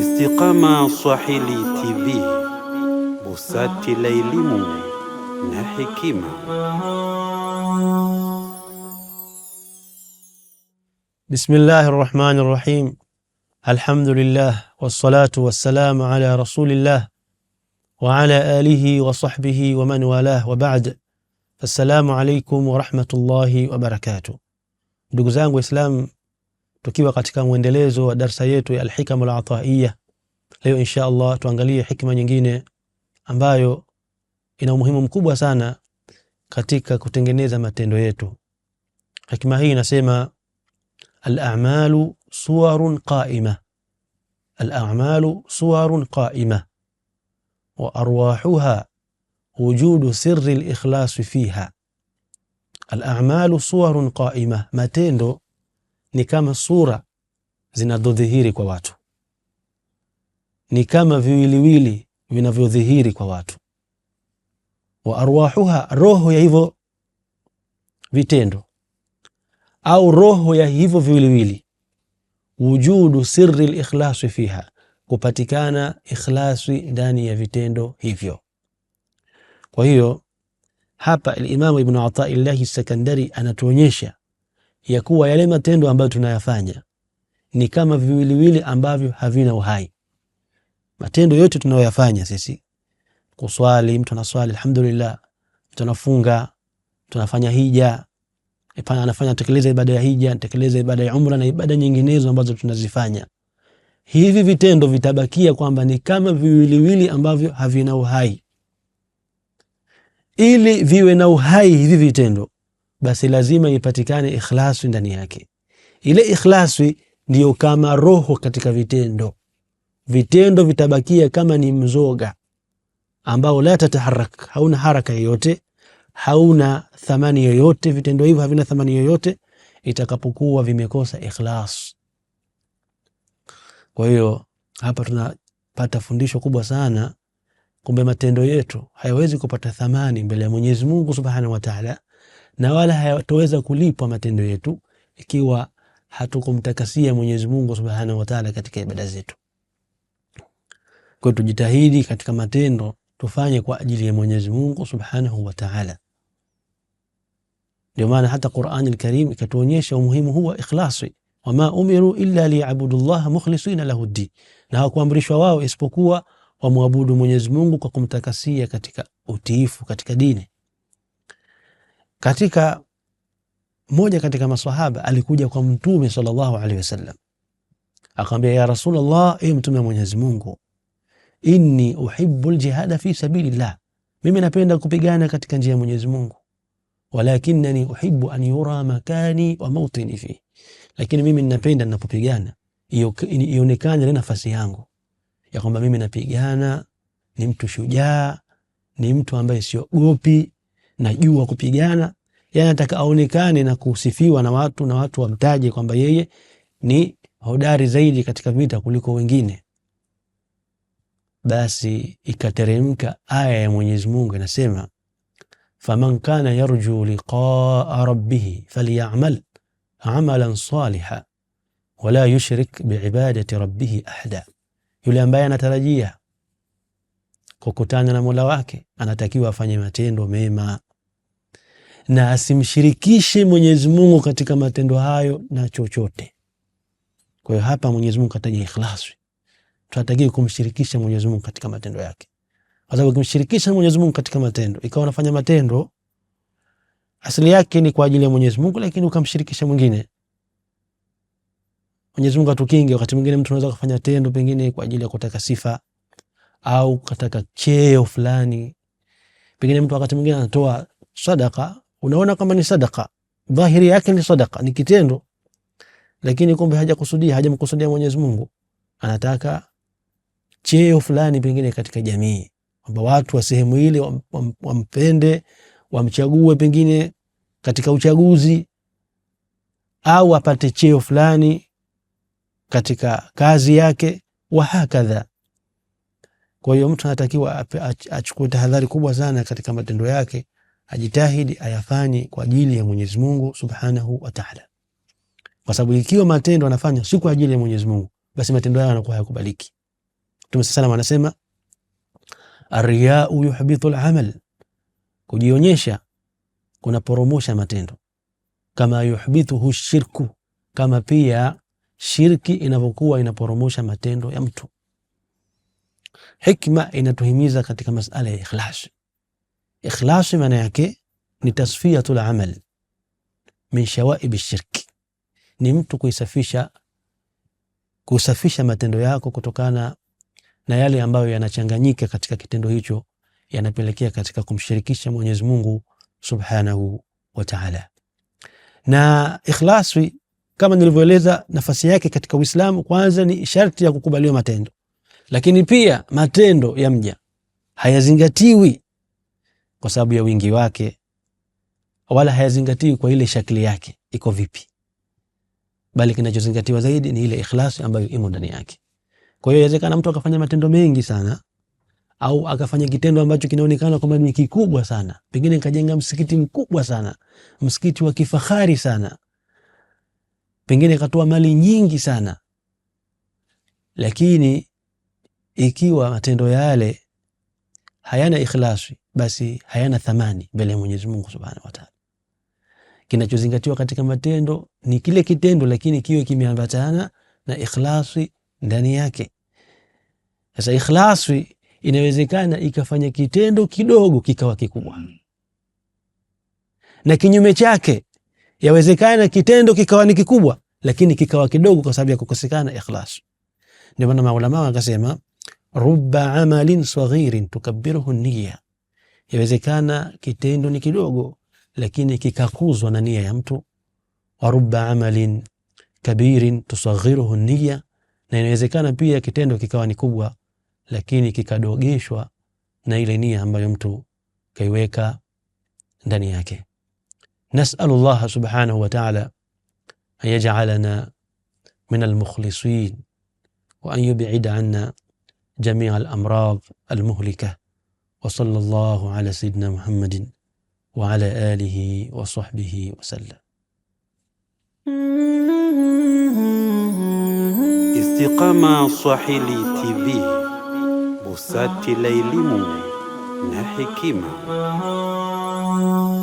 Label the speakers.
Speaker 1: Istiqama Swahili TV, busati la elimu na hekima. Bismillahi rrahmani rrahim, alhamdulillah wassalatu wassalamu ala rasulillah wa ala alihi wa sahbihi wa man walah wa ba'd. Assalamu alaikum warahmatullahi wabarakatuh. Ndugu zangu Waislamu tukiwa katika mwendelezo wa darsa yetu ya Alhikam Alataiya. Leo insha Allah tuangalie hikma nyingine ambayo ina umuhimu mkubwa sana katika kutengeneza matendo yetu. Hikma hii inasema, alamalu amalu suwarun qa'ima, al suwarun qa'ima wa arwahuha wujudu sirri al fiha. alamalu suwarun qa'ima, matendo ni kama sura zinazodhihiri kwa watu, ni kama viwiliwili vinavyodhihiri kwa watu. Wa arwahuha, roho ya hivyo vitendo au roho ya hivyo viwiliwili, wujudu sirri likhlasi fiha, kupatikana ikhlasi ndani ya vitendo hivyo. Kwa hiyo hapa Alimamu Ibnu Ataillahi Sakandari anatuonyesha ya kuwa yale matendo ambayo tunayafanya ni kama viwiliwili ambavyo havina uhai. Matendo yote tunayoyafanya sisi, kuswali, mtu anaswali alhamdulillah, mtu anafunga, mtu anafanya hija, anafanya tekeleza ibada ya hija, tekeleza ibada ya umra na ibada nyinginezo ambazo tunazifanya, hivi vitendo vitabakia kwamba ni kama viwiliwili ambavyo havina uhai. Ili viwe na uhai hivi vitendo basi lazima ipatikane ikhlasi ndani yake. Ile ikhlasi ndiyo kama roho katika vitendo. Vitendo vitabakia kama ni mzoga ambao la tataharak, hauna haraka yoyote, hauna thamani yoyote. Vitendo hivyo havina thamani yoyote itakapokuwa vimekosa ikhlas. Kwa hiyo hapa tunapata fundisho kubwa sana, kumbe matendo yetu hayawezi kupata thamani mbele ya Mwenyezi Mungu Subhanahu wa Ta'ala na wala hayatoweza kulipwa matendo yetu ikiwa hatukumtakasia Mwenyezi Mungu Subhanahu wa Ta'ala katika ibada zetu. Kwa tujitahidi katika matendo tufanye kwa ajili ya Mwenyezi Mungu Subhanahu wa Ta'ala. Ndio maana hata Qur'an al-Karim ikatuonyesha umuhimu huu wa ikhlasi, wama umiru illa liyabudu liya'budullaha mukhlisina lahu ddin, na hawakuamrishwa wao isipokuwa wamwabudu Mwenyezi Mungu kwa kumtakasia katika utiifu katika dini katika mmoja katika maswahaba alikuja kwa Mtume sallallahu alaihi wasallam akamwambia, ya Rasulullah, e Mtume wa Mwenyezi Mungu, inni uhibbu ljihada fi sabilillah, mimi napenda kupigana katika njia ya Mwenyezi Mungu, walakinani uhibbu an yura makani wa mautini fi, lakini mimi ninapenda ninapopigana ionekane ile nafasi yangu ya kwamba mimi napigana, ni mtu shujaa, ni mtu ambaye siogopi najua kupigana, yani nataka aonekane na kusifiwa na watu na watu wamtaje kwamba yeye ni hodari zaidi katika vita kuliko wengine. Basi ikateremka aya ya Mwenyezi Mungu inasema, faman kana yarju liqaa rabbih falyamal amalan saliha wala yushrik biibadati rabbih ahada, yule ambaye anatarajia kukutana na Mola wake anatakiwa afanye matendo mema na asimshirikishe Mwenyezi Mungu katika matendo hayo na chochote. Kwa hiyo hapa Mwenyezi Mungu kataja ikhlasi, tunatakiwa kumshirikisha Mwenyezi Mungu katika matendo yake, kwa sababu kumshirikisha Mwenyezi Mungu katika matendo ikawa unafanya matendo asili yake ni kwa ajili ya Mwenyezi Mungu, lakini ukamshirikisha mwingine. Mwenyezi Mungu atukinge. Wakati mwingine mtu anaweza kufanya tendo pengine kwa ajili ya kutaka sifa au kutaka cheo fulani, pengine mtu wakati mwingine anatoa sadaka unaona kama ni sadaka, dhahiri yake ni sadaka, ni kitendo, lakini kumbe hajakusudia, hajamkusudia Mwenyezi Mungu. Anataka cheo fulani pengine katika jamii, kwamba watu wa sehemu ile wampende, wa, wampende, wamchague pengine katika uchaguzi, au apate cheo fulani katika kazi yake, hakadha. Kwa hiyo mtu anatakiwa achukue tahadhari kubwa sana katika matendo yake ajitahidi ayafanye kwa ajili ya Mwenyezi Mungu Subhanahu wa Ta'ala, kwa sababu ikiwa matendo anafanya si kwa ajili ya Mwenyezi Mungu, basi matendo yao yanakuwa hayakubaliki. Mtume sallallahu alayhi wasallam anasema arriyau yuhbitu al-amal, kujionyesha kunaporomosha matendo, kama yuhbituhu shirku, kama pia shirki inavyokuwa inaporomosha matendo ya mtu. Hikma inatuhimiza katika masala ya ikhlas Ikhlasi maana yake ni tasfiyatul amal min shawaib shirki, ni mtu kuisafisha kusafisha matendo yako kutokana na yale ambayo yanachanganyika katika kitendo hicho yanapelekea katika kumshirikisha Mwenyezi Mungu Subhanahu wa Ta'ala. Na ikhlasi kama nilivyoeleza, nafasi yake katika Uislamu kwanza ni sharti ya kukubaliwa matendo, lakini pia matendo ya mja hayazingatiwi kwa sababu ya wingi wake, wala hayazingatii kwa ile shakli yake iko vipi, bali kinachozingatiwa zaidi ni ile ikhlasi ambayo imo ndani yake. Kwa hiyo inawezekana mtu akafanya matendo mengi sana au akafanya kitendo ambacho kinaonekana kwamba ni kikubwa sana, pengine kajenga msikiti mkubwa sana, msikiti wa kifahari sana, pengine katoa mali nyingi sana, lakini ikiwa matendo yale hayana ikhlasi basi hayana thamani mbele ya Mwenyezi Mungu Subhanahu wa Ta'ala. Kinachozingatiwa katika matendo ni kile kitendo, lakini kiwe kimeambatana na ikhlasi ndani yake. Sasa ikhlasi inawezekana ikafanya kitendo kidogo kikawa kikubwa, na kinyume chake yawezekana kitendo kikawa ni kikubwa lakini kikawa kidogo kwa sababu ya kukosekana ikhlas. Ndio maana maulama wakasema, rubba amalin saghirin tukabbiruhu niyya Yawezekana kitendo ni kidogo, lakini kikakuzwa na nia ya mtu. Waruba amalin kabirin tusaghiruhu niya, na inawezekana pia kitendo kikawa ni kubwa, lakini kikadogeshwa na ile nia ambayo mtu kaiweka ndani yake. Nasalu llaha subhanahu wa taala an yajalana min almukhlisin wa an yubida anna jamia alamrad almuhlika. وصلى الله على سيدنا محمد وعلى آله وصحبه وسلم استقامة صحيلي تي في بساتي ليلمو نحكيما